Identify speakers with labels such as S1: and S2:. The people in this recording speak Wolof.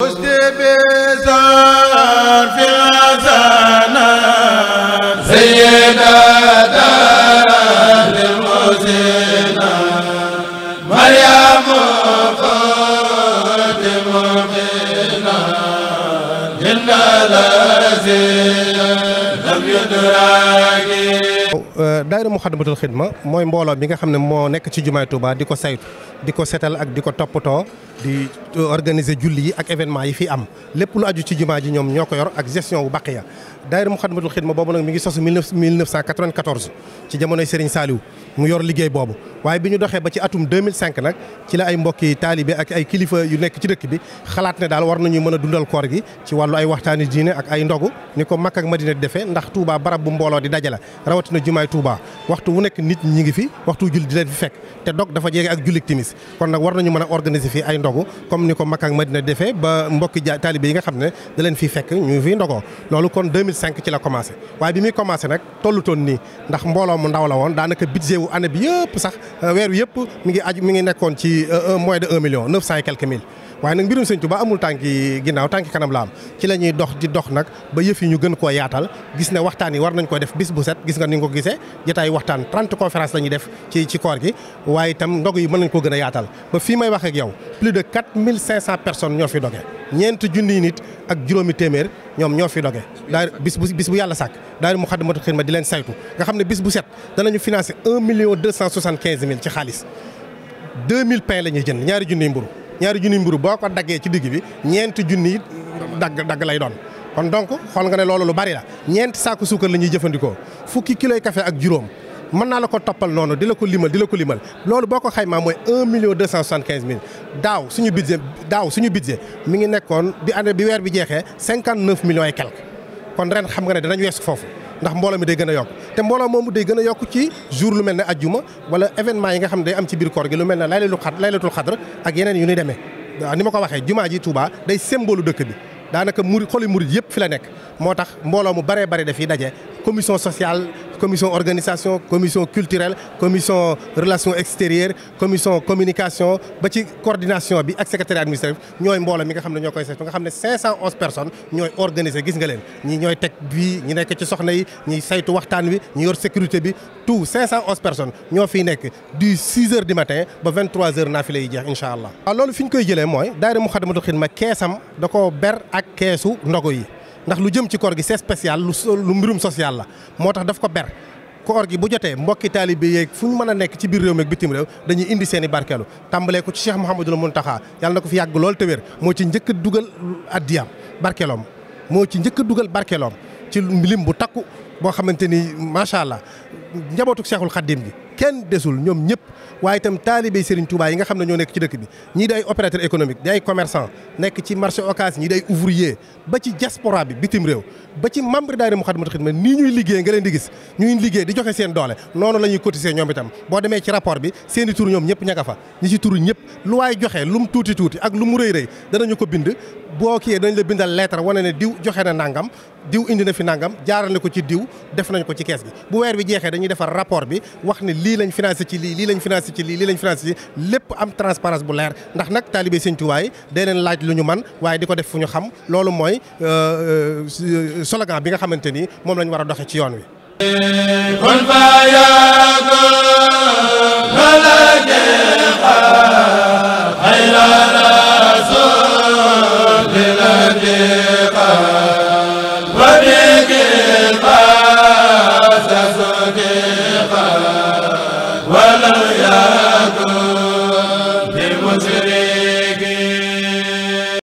S1: لا لم يدرك waaw euh, daayira Muxaddamatul Xidma mooy mbooloo bi nga xam ne moo nekk ci jumaay Touba di ko saytu di ko seetal ak di ko toppatoo di euh, organiser julli yi ak événement yi fi am lépp lu aju ci jumaa ji ñoom ñoo ko yor ak gestion bu bàq ya daayira Muxaddamatul Xidma boobu nag mi ngi sosu 1994 ci jamonoy Serigne Saliou mu yor liggéey boobu waaye bi ñu doxee ba ci atum 2005 nag ci la ay mbokki taalibe ak ay kilifa yu nekk ci dëkk bi xalaat ne daal war na nañu mën a dundal koor gi ci wàllu ay waxtaani diine ak ay ndogu ni ko Makka ak Madina di defee ndax Touba bu mbooloo di dajala rawatina jumaay Touba waxtu wu nekk nit ñi ngi fi waxtu julli di leen fi fekk te dog dafa jege ak jullik timis kon nag war nañu mën a organiser fii ay ndogu comme ni ko Makka ak Madina defee ba mbokki ja taalibe yi nga xam ne da leen fiy fekk ñu fiy ndogoo loolu kon 2005 ci la commencé waaye bi muy commencé nag toon nii ndax mbooloo mu ndaw la woon daanaka budget wu année bi yëpp sax euh, weer wi yëpp mi ngi aj mi ngi nekkoon ci euh, moins de 1 million 900 et quelques waaye nag mbirum sëñ Tuubaa amul tànki ginnaaw tànki kanam la am ci la dox di dox nag ba yëf yi ñu gën koo yaatal gis ne waxtaan yi war nañ koy def bis bu set gis nga ni nga ko gisee jotaay waxtaan 30 conférence la def ci ci gi waaye itam ndog yi mën nañ ko gën a yaatal ba fii may wax ak yow plus de 4500 personnes ñoo fi doge ñeent junniy nit ak juróomi téeméer ñoom ñoo fi doge daal bis bu bis bu yàlla sàkk daal mu xaddamatu xidma di leen saytu nga la ñuy jënd ñaari junniy mburu ñaari junni mburu boo ko daggee ci digg bi ñeenti junni dagg dagg lay doon kon donc xool nga ne loolu lu bari la ñeenti saaku suukar la ñuy jëfandikoo fukki kiloy café ak juróom mën naa la ko toppal noonu di la ko limal di la ko limal loolu boo ko xaymaa mooy un million deux cent soixante quinze mille daaw suñu budget daaw suñu budget mi ngi nekkoon bi année bi weer bi jeexee cinquante neuf millions et quelque kon ren xam nga ne danañ weesu foofu ndax mbooloo mi day gën a yokk te mbooloo moom day gën a yokk ci jour lu mel ne ajjuma wala événement yi nga xam ne day am ci biir koor gi lu mel ne laylatul xadr laylatul xadr ak yeneen yu ñuy demee ni ma ko waxee jumaa ji Touba day symbole dëkk bi daanaka murid xoli murid yëpp fi la nekk moo tax mbooloo mu baree bari dafii daje commission sociale commission organisation commission culturelle commission relations extérieures commission communication ba ci coordination bi ak secrétaire administratif ñooy mbooloo mi nga xam ne ñoo koy seet nga xam ne cinq 511 personnes ñooy organiser gis nga leen ñi ñooy teg bii ñi nekk ci soxna yi ñi saytu waxtaan wi ñi yor sécurité bi tout 511 personne ñoo fi nekk du 6 heures du matin ba 23 heures naafile yi jeex incha allah. waaw loolu fi ñu koy jëlee mooy daayira Moukhaddamatoul Khidma keesam da koo ber ak keesu ndogo yi. ndax lu jëm ci koor gi c'est spécial lu mbirum social la moo tax daf ko ber koor gi bu jotee mbokki taalibe yeeg fu mën a nekk ci biir réew mi ak bitim réew dañuy indi seen i barkeelu tàmbalee ko ci Cheikh Mouhamadul Mountakha yàlla na ko fi yàgg lool te wér moo ci njëkk a dugal addiyam barkeeloom moo ci njëkk a dugal barkeeloom ci lim bu takku boo xamante ni macha allah njabootu Cheikhul Khadim bi kenn desul ñoom ñëpp waaye itam taalibey Serigne Touba yi nga xam ne ñoo nekk ci dëkk bi ñii day opérateur économique di ay commerçant nekk ci marché occasion ñii day ouvrier ba ci diaspora bi bitim réew ba ci membre daayira Moukhaddamatoul Khidma nii ñuy liggéey nga leen di gis ñuy liggéey di joxe seen doole noonu la ñuy cotiser ñoom itam boo demee ci rapport bi seeni i tur ñoom ñëpp ña nga fa ñi ci tur ñëpp lu waay joxe lu mu tuuti tuuti ak lu mu rëy rëy danañu ko bind boo kiyee dañ la bindal lettre wane ne diw joxe na nangam diw fi nangam jaarale ko ci diw def nañ ko ci kees gi bu weer bi jeexee dañuy defar rapport bi lii lañ financé ci lii lii lañ financé ci lépp am transparence bu leer ndax nag taalibe Sëñ Tuubaa yi day leen laaj lu ñu man waaye di ko def fu ñu xam loolu mooy euh, euh, sologan euh, bi nga xamante ni moom lañu war a doxe ci yoon wi ولا يا